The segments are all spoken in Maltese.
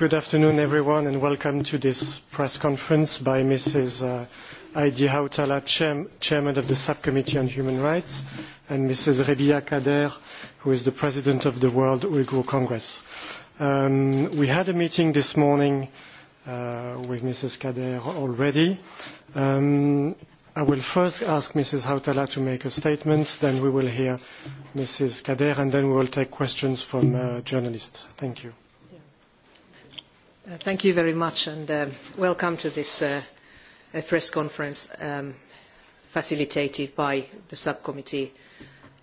Good afternoon, everyone, and welcome to this press conference by Mrs. Uh, Heidi Hautala, Chairman of the Subcommittee on Human Rights, and Mrs. Rebia Kader, who is the President of the World Uyghur Congress. Um, we had a meeting this morning uh, with Mrs. Kader already. Um, I will first ask Mrs. Hautala to make a statement, then we will hear Mrs. Kader, and then we will take questions from uh, journalists. Thank you. Uh, thank you very much and uh, welcome to this uh, press conference um, facilitated by the subcommittee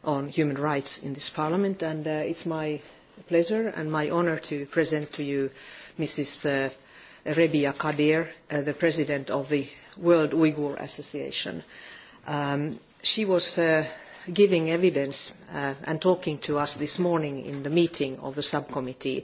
on human rights in this parliament and uh, it's my pleasure and my honor to present to you Mrs. Uh, Rebia Kadir, uh, the president of the World Uyghur Association. Um, she was uh, giving evidence uh, and talking to us this morning in the meeting of the subcommittee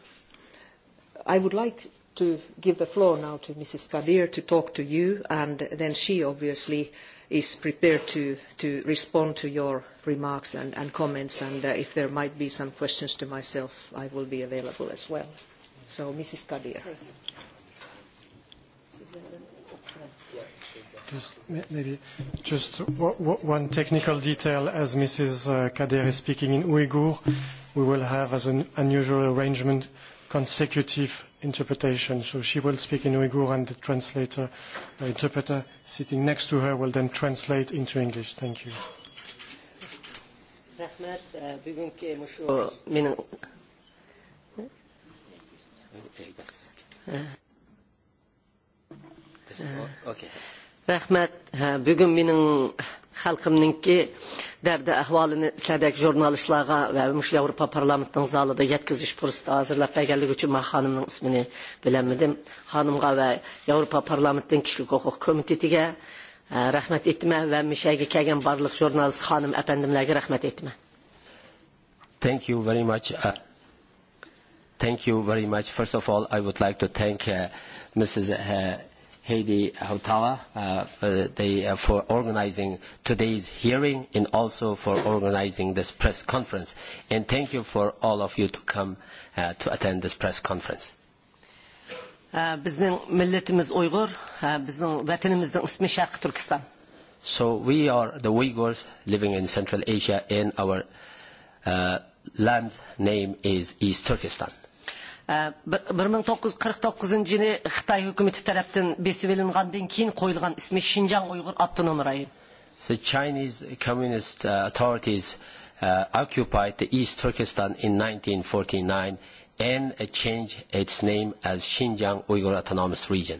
I would like to give the floor now to Mrs. Kadir to talk to you, and then she obviously is prepared to, to respond to your remarks and, and comments, and uh, if there might be some questions to myself, I will be available as well. So, Mrs. Kadir. Just maybe just one technical detail, as Mrs. Uh, Kadir is speaking in Uyghur, we will have, as an unusual arrangement, consecutive interpretation. So she will speak in Uyghur and the translator, the interpreter sitting next to her will then translate into English. Thank you. Rahmat, uh, bugünkü muşu benim... Rahmat, bugün benim halkımınki دەردە ئەحوالنى سەدەك ژورنالىستلارغا ۋە مۇشۇ ياۋروپا پارلامېنتىنىڭ زالىدا yetkizish پۇرسىتى ھازىرلاپ بەرگەنلىكى ئۈچۈن مەن خانىمنىڭ ismini بىلەلمىدىم خانىمغا ۋە ياۋروپا پارلامېنتىنىڭ kişilik ھوقۇق كومىتېتىگە رەھمەت ئېيتىمەن ۋە مىشەگە كەلگەن بارلىق jurnalist خانىم ئەپەندىملەرگە رەھمەت ئېيتىمەن Thank you very much. Uh, thank you very much. First of all, I would like to thank uh, Mrs. Uh, Heidi Hautala uh, for, the, uh, for organizing today's hearing and also for organizing this press conference. And thank you for all of you to come uh, to attend this press conference. Uh, bizning milletimiz Uyghur, uh, bizning vatanimizning ismi Sharq Turkiston. So we are the Uyghurs living in Central Asia and our uh, land name is East Turkestan bir ming to'qqiz qirq to'qqizinchi yili xitoy hukumati tarafdan besib ilingandan keyin qo'yilgan ismi shinjang uyg'ur abtonom rayoni the chinese communist uh, authorities uh, occupied the east turkestan in 1949 and uh, changed its name as xinjiang uyghur autonomous region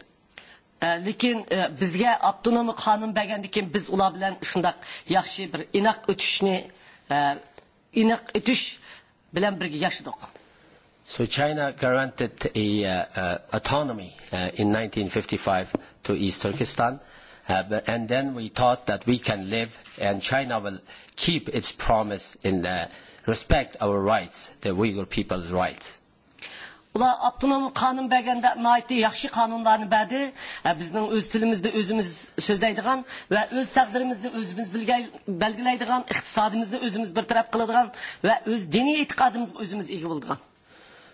э, lekin bizga avtonomi qonun bergandikin biz ular bilan shundoq yaxshi bir inoq o'tishni inoq o'tish bilan birga yashadik So China granted a, uh, uh, autonomy uh, in 1955 to East Turkestan, uh, and then we thought that we can live and China will keep its promise in uh, respect our rights, the Uyghur people's rights. Ula Abdunum qanun bəgəndə naiti yaxşı qanunlarını bədi, e, bizning o'z tilimizda o'zimiz so'zlaydigan va o'z taqdirimizni o'zimiz belgilaydigan, iqtisodimizni o'zimiz bir taraf qiladigan va o'z diniy e'tiqodimizga o'zimiz ega bo'ladigan.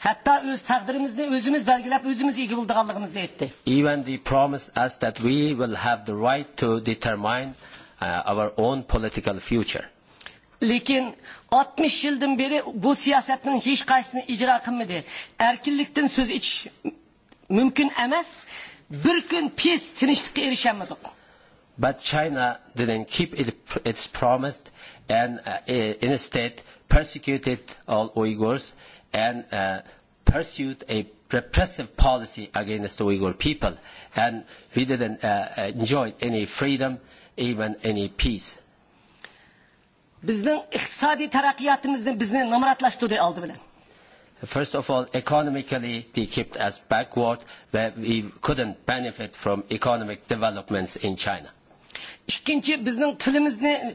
Hatta öz takdirimizni özümüz belgilep özümüz iyi bulduğanlığımızı etti. Even they promise us that we will have the right to determine uh, our own political future. Lekin 60 yıldan beri bu siyasetin hiç kaysını icra kılmadı. Erkinlikten söz iç mümkün emez. Bir gün pis tinişlikle erişemedik. But China didn't keep it, its promise and uh, instead persecuted all Uyghurs and uh, pursued a repressive policy against the Uyghur people. And we didn't uh, uh enjoy any freedom, even any peace. First of all, economically, they kept us backward, where we couldn't benefit from economic developments in China. İkinci, tilimizni,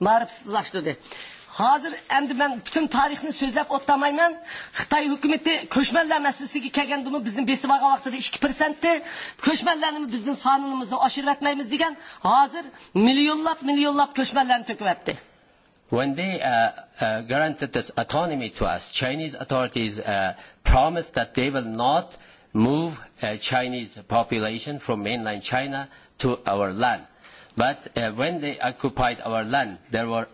marifsizlaştırdı. Hazır endi ben bütün tarihini sözlep otlamayman. Xitay hükümeti köşmeller meselesi ki bunu bizim besi vaga vaxtıda 2%'ti. Köşmellerini bizim sanılımızı aşırı etmemiz digen hazır milyonlap milyonlap köşmellerini töküp etti. When they uh, uh, granted this autonomy to us, Chinese authorities uh, promised that they will not move uh, Chinese population from mainland China to our land. But uh, when they occupied our land, there were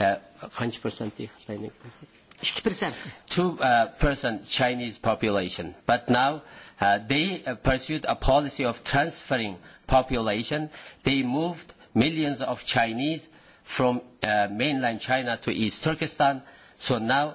uh, 100% two, uh, percent Chinese population. But now uh, they uh, pursued a policy of transferring population. They moved millions of Chinese from uh, mainland China to East Turkestan. So now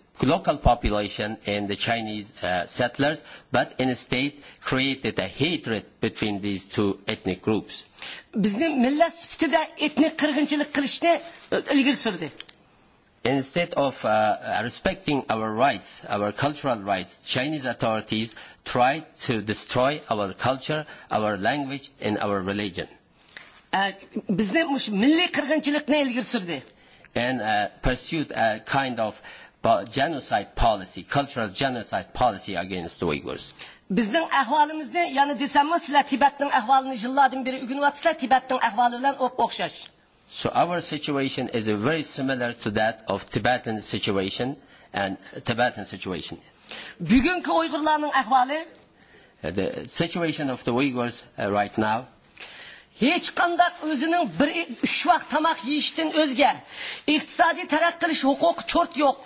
local population and the Chinese uh, settlers, but in a state created a hatred between these two ethnic groups. E, Instead of uh, uh, respecting our rights, our cultural rights, Chinese authorities tried to destroy our culture, our language, and our religion. E, and uh, pursued a kind of genocide policy, cultural genocide policy against the Uyghurs. Bizning ahvalimizni yani desemmi sizlar Tibetning ahvalini yillardan beri o'rganyapsizlar Tibetning ahvoli bilan o'xshash. So our situation is a very similar to that of Tibetan situation and Tibetan situation. Bugungi Uyg'urlarning ahvoli uh, the situation of the Uyghurs uh, right now Hiç kandak özünün bir üç vakt tamak yiyiştin özge. İktisadi terak kılış hukuk çort yok.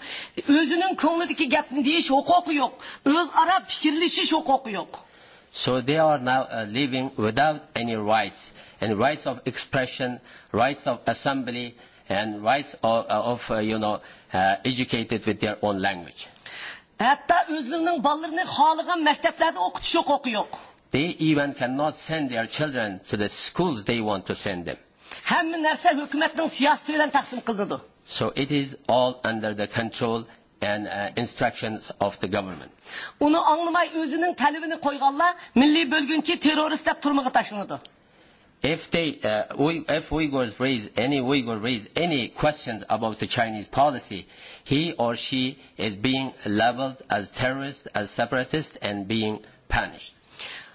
Özünün kınlıdaki gepni deyiş hukuku yok. Öz ara fikirlişiş hukuku yok. So they are now uh, living without any rights. And rights of expression, rights of assembly, and rights of, uh, of uh, you know, uh, educated with their own language. Hatta özünün ballarını halıgan mekteplerde okutuşu hukuku yok. They even cannot send their children to the schools they want to send them. So it is all under the control and uh, instructions of the government. Onu anlamay özünün talebini koyganlar milli bölgünki terörist dep turmağa taşınıdı. If they, uh, we, if Uyghurs raise any Uyghur raise any questions about the Chinese policy, he or she is being labeled as terrorist, as separatist, and being punished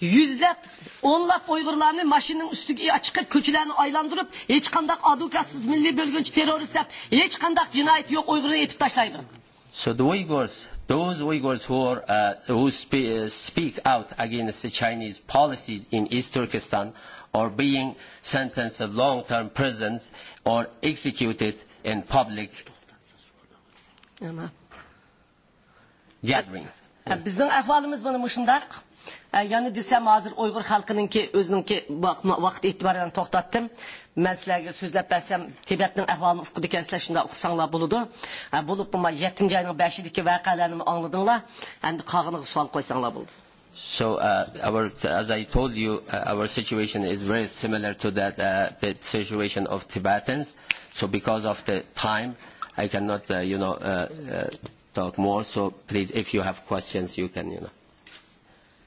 yüzlep, onlap Uygurlarını maşının üstü çıkıp köçülerini aylandırıp hiç kandak adukasız milli bölgünç teröristler hiç kandak cinayeti yok Uygur'u etip taşlaydı. So the Uyghurs, those Uyghurs who, are, uh, who spe uh, speak out against the Chinese policies in East Turkestan are being sentenced to long-term prisons or executed in public gatherings. E, bizden ahvalımız bana mışındak. Yani desem hazır Uygur halkının ki özünün ki bakma vakit itibaren toktattım. Ben sizlerge sözlep versem Tibet'in ehvalını okudurken sizler şunda okusanlar buludu. Yani bulup buma 7. ci ayın 5 ayının ki vakalarını anladınlar. Yani qağını sual koysanlar buludu. So uh, our, as I told you, uh, our situation is very similar to that uh, the situation of Tibetans. So because of the time, I cannot, uh, you know, uh, uh, talk more. So please, if you have questions, you can, you know.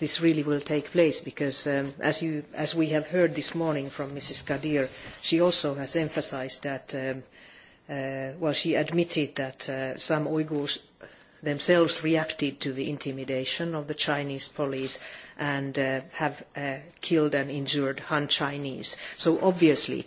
this really will take place because um, as, you, as we have heard this morning from Mrs. Kadir, she also has emphasized that, um, uh, well, she admitted that uh, some Uyghurs themselves reacted to the intimidation of the Chinese police and uh, have uh, killed and injured Han Chinese. So obviously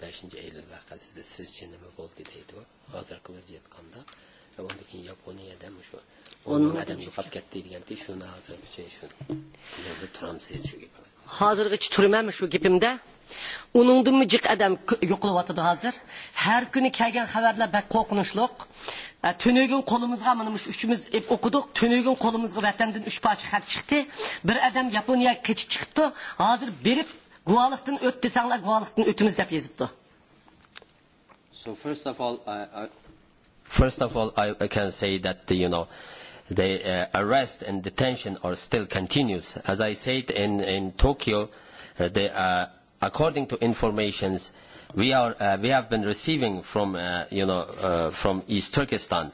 5 Eylül vakasında siz cineme Volga'daydı o. Hazırkımız yetkandı. Ve onun için Japonya'da mı şu? Onun adam yukap gitti diyen de şunu hazır bir şey şunu. Ne bu Trump'siz şu gibi. Hazırgıç türmem şu gibimde. Unundun mu cik adam yokulu vatıdı hazır. Her günü kelgen haberle bek korkunuşluk. E, tünügün kolumuzga mınımış üçümüz hep okuduk. Tünügün kolumuzga vatandın üç parça hak çıktı. Bir adam Japonya keçip çıktı. Hazır berip guvalıktan öt desenler guvalıktan ötümüz dep yazıbdı. So first of all, I, I... First of all, I can say that, you know, the uh, arrest and detention are still continues. As I said in, in Tokyo, uh, they, uh, according to informations we, are, uh, we have been receiving from, uh, you know, uh, from East Turkestan,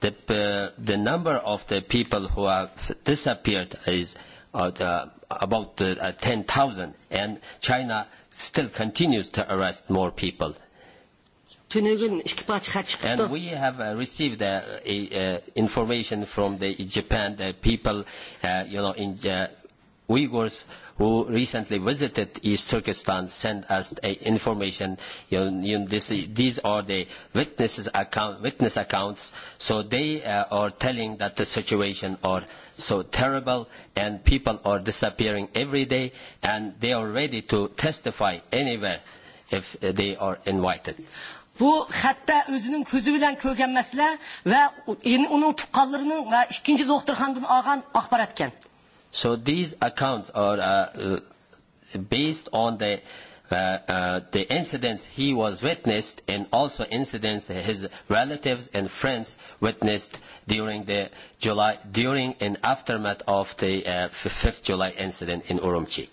that uh, the number of the people who have disappeared is uh, the, about uh, 10,000, and China still continues to arrest more people. And we have uh, received uh, a, uh, information from the Japan, the people, uh, you know, in uh, Uyghurs who recently visited East Turkestan sent us a information. You, you, this, these are the witnesses account, witness accounts. So they uh, are telling that the situation are so terrible and people are disappearing every day and they are ready to testify anywhere if they are invited. Bu hatta özünün közü bilen kögen mesele ve onun tukkallarının ve ikinci doktor handan ağan akbaratken. So these accounts are uh, uh, based on the uh, uh, the incidents he was witnessed and also incidents that his relatives and friends witnessed during the July during and aftermath of the uh, 5th July incident in Urumqi.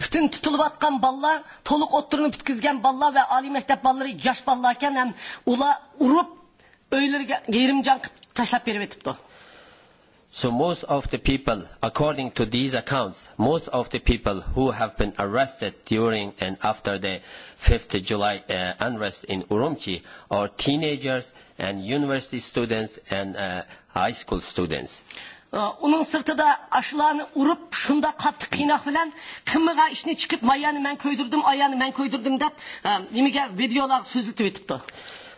Bütün tutuluvatkan balla, toluk otturunu bitkizgen balla ve ali mektep balları yaş ballarken hem ula urup öylür yerimcan taşlap beri vetipti. So most of the people, according to these accounts, most of the people who have been arrested during and after the 5th July uh, unrest in Urumqi are teenagers and university students and uh, high school students. Onun sırtı da aşılarını urup şunda kattı kıynak filan kımığa işine çıkıp mayanı men köydürdüm, ayanı men köydürdüm deyip e, videolar sözültü bitipti.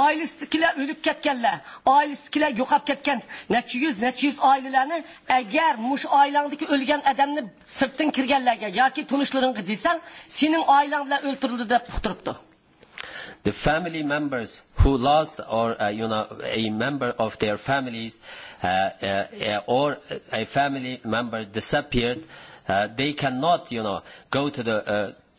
oilasidagilar o'lib ketganlar oilasidagilar yokap ketken, necha yüz necha yüz ailelerini, agar muş ailandaki o'lgan odamni sirtdan kirganlarga ya ki tunuşların gidiysen, senin bilan o'ldirildi de puhturuptu. the family members who lost or uh, you know a member of their families uh, uh, uh or a family member disappeared uh, they cannot you know go to the uh,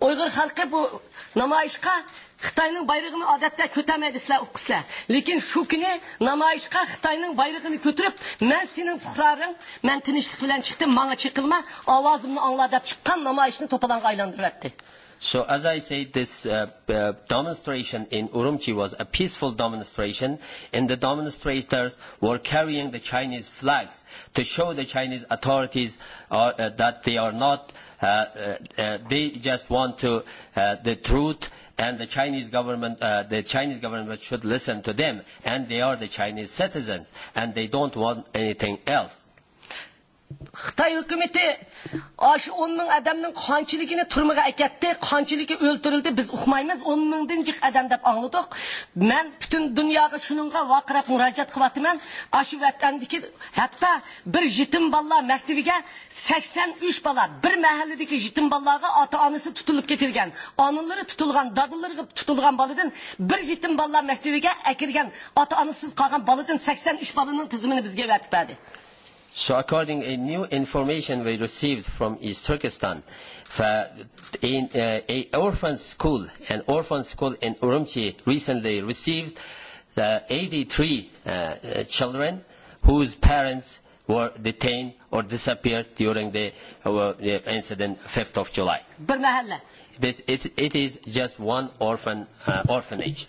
Uyghur halkı bu namayışka Xitayning bayrog'ini odatda ko'tarmaydi sizlar uqqislar lekin shu kuni namoyishga xitoyning bayrog'ini ko'tarib man sening puhroring man tinchlik bilan chiqdim manga chiqilma ovozimni angla deb chiqqan namoyishni to'polonga aylantiryapti So as I say, this uh, uh, demonstration in Urumqi was a peaceful demonstration, and the demonstrators were carrying the Chinese flags to show the Chinese authorities are, uh, that they are not, uh, uh, uh, they just want to, uh, the truth and the Chinese government, uh, the Chinese government should listen to them, and they are the Chinese citizens, and they don't want anything else. Xitay hukumati shu o'n ming odamning qonchiligini turmaga akatdi qonchligi o'ltirildi biz uqmaymiz o'n mingdan adam dep deb angladiq bütün butun dunyoga shuninga vaqirab murojaat qilyaptiman shu vatandiki hatto bir yetim balla maktabiga 83 balla bir mahalladagi yetim bolalarga ata onasi tutilib ketilgan onalari tutilgan dodilariga tutilgan boladan bir yetim balla maktabiga akirgan ata onasiz qolgan boladan 83 uch tizimini bizga vatibadi So according a new information we received from East Turkestan, for in uh, a orphan school, an orphan school in Urumqi recently received uh, 83 uh, uh, children whose parents were detained or disappeared during the, uh, the incident 5th of July. This, it, it is just one orphan uh, orphanage.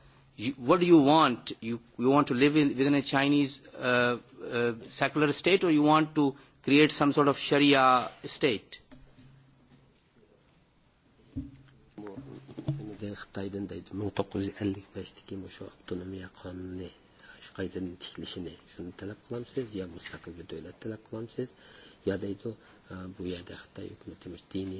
you, what do you want? You, you want to live in, within a Chinese uh, uh, secular state or you want to create some sort of Sharia state? xtayden dajd minn toqquz għalli biex tikimu xo autonomija xun talab qlamsiz ya mustaqil talab qlamsiz ya bu dini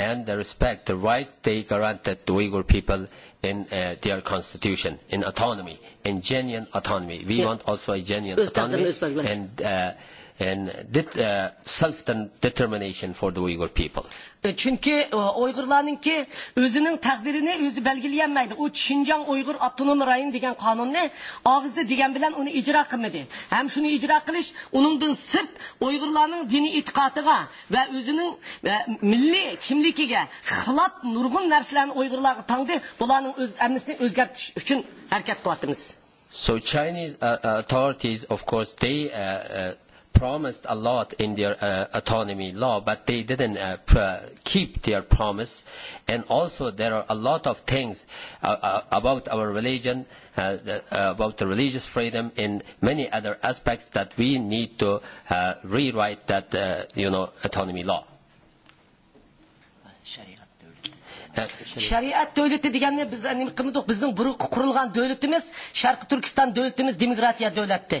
and the respect the rights they granted to Uyghur people in uh, their constitution, in autonomy, in genuine autonomy. We yeah. want also a genuine autonomy. And, uh, and did, uh, self-determination for the Uyghur people. E, çünkü e, Uygurlarınki özünün takdirini özü belgileyemeydi. O Şincan Uygur Abdunum Rayın degen kanun ne? Ağızda degen bilen onu icra kılmadı. Hem şunu icra kılış, onundan sırt Uygurlarının dini itikatıga ve özünün e, milli kimlikige hılat nurgun derslerini Uygurlarına tanıdı. Bunların öz, emnisini özgertiş için hareket kılattınız. So Chinese uh, uh, authorities, of course, they uh, uh, promised a lot in their uh, autonomy law, but they didn't uh, pr- keep their promise. And also, there are a lot of things uh, uh, about our religion, uh, the, uh, about the religious freedom, and many other aspects that we need to uh, rewrite that uh, you know autonomy law. shariat davlati uh, degani biz qilmidik bizning buruq qurilgan davlatimiz sharqi turkiston davlatimiz demokratiya davlati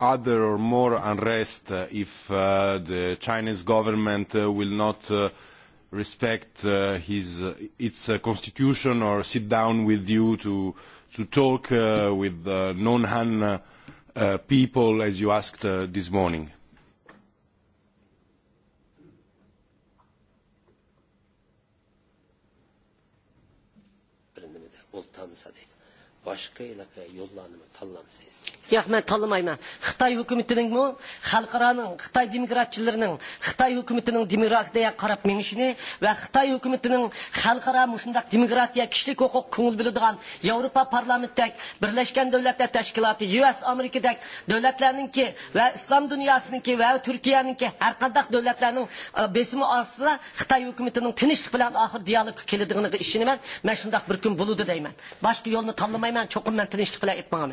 other or more unrest uh, if uh, the Chinese government uh, will not uh, respect uh, his, uh, its uh, constitution or sit down with you to, to talk uh, with uh, non-Han uh, uh people as you asked uh, this morning. Başka ilaka yollanımı tallam yo'q man tanlamayman xitoy hukumatiningmi xalqaroning xitoy demokratchilarining xitoy hukumatining demokratiya qarab menishini va xitoy hukumatining xalqaro mushundaq demokratiya kishilik huquq ko'ngil biladigan yevropa parlamentdak birlashgan davlatlar tashkiloti us amerikadak davlatlarningki va islom dunyosiningki va Turkiyaningki har qanday davlatlarning e, besimi ostida xitoy hukumatining tinchlik bilan oxir dialog keladiganiga ishonaman Men shundaq bir kun bo'ludi deyman boshqa yo'lni tanlamayman cho'qim man tinchlik bilan aytmoqman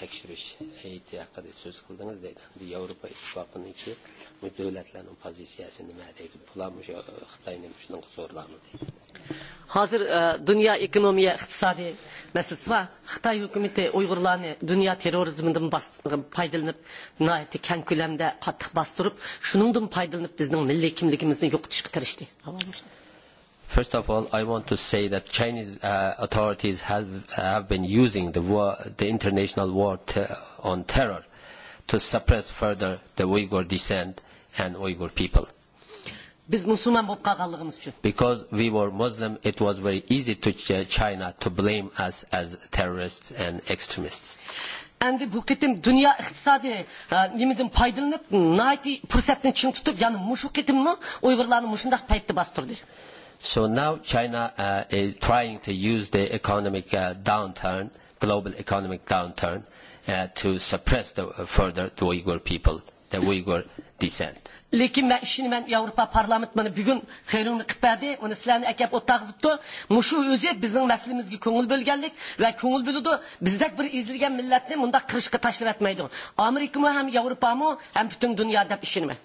tekşürüş heyeti hakkında söz kıldınız dedi. Bir Avrupa İttifakı'nın ki bu devletlerin pozisyasını mədəyi bulamış, Xitay'ın şunun zorlamı dedi. Hazır e, dünya ekonomiya iqtisadi meselesi var. Xitay hükümeti Uygurlarını dünya terörizminden faydalanıp e, nahiyeti kent külemde katlıq bastırıp şunundan faydalanıp bizden milli kimligimizni yok tırıştı. First of all, I want to say that Chinese uh, authorities have, have been using the, war, the international war te on terror to suppress further the Uyghur descent and Uyghur people. Because we were Muslim, it was very easy to ch China to blame us as terrorists and extremists. And bu ketim dünya iktisadi e, nimidin paydalanıp, So now China uh, is trying to use the economic uh, downturn, global economic downturn, uh, to suppress the, uh, further the Uyghur people, the Uyghur descent. lekin men ishini men yevropa parlament mana bugun xeyrungni qilib berdi uni sizlarni akab o'tqazibdi mushu o'zi bizning maslimizga ko'ngil bo'lganlik va ko'ngil bo'ludi bizdek bir ezilgan millatni bundaq qirishqa tashlab yotmaydi amerikami ham yevropami ham butun dunyo deb ishonman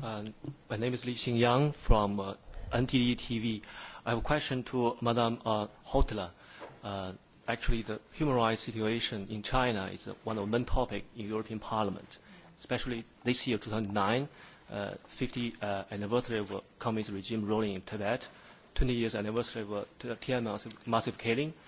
Uh, my name is Li Xingyang from uh, NTD TV. I have a question to Madam uh, Hotla. Uh, actually, the human rights situation in China is uh, one of the main topics in European Parliament, especially this year, 2009, uh, 50 uh, anniversary of the communist regime ruling in Tibet, 20 years anniversary of uh, Tiananmen massive, massive killing, uh,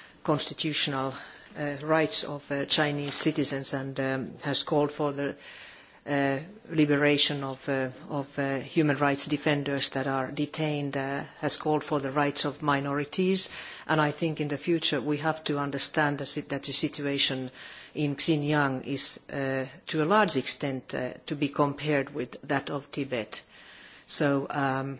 constitutional uh, rights of uh, Chinese citizens and um, has called for the uh, liberation of, uh, of uh, human rights defenders that are detained, uh, has called for the rights of minorities. And I think in the future we have to understand that the situation in Xinjiang is uh, to a large extent uh, to be compared with that of Tibet. So um,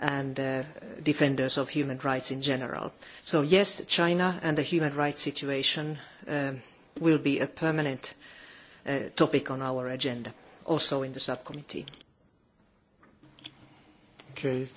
and uh, defenders of human rights in general. So yes, China and the human rights situation uh, will be a permanent uh, topic on our agenda, also in the subcommittee. Okay,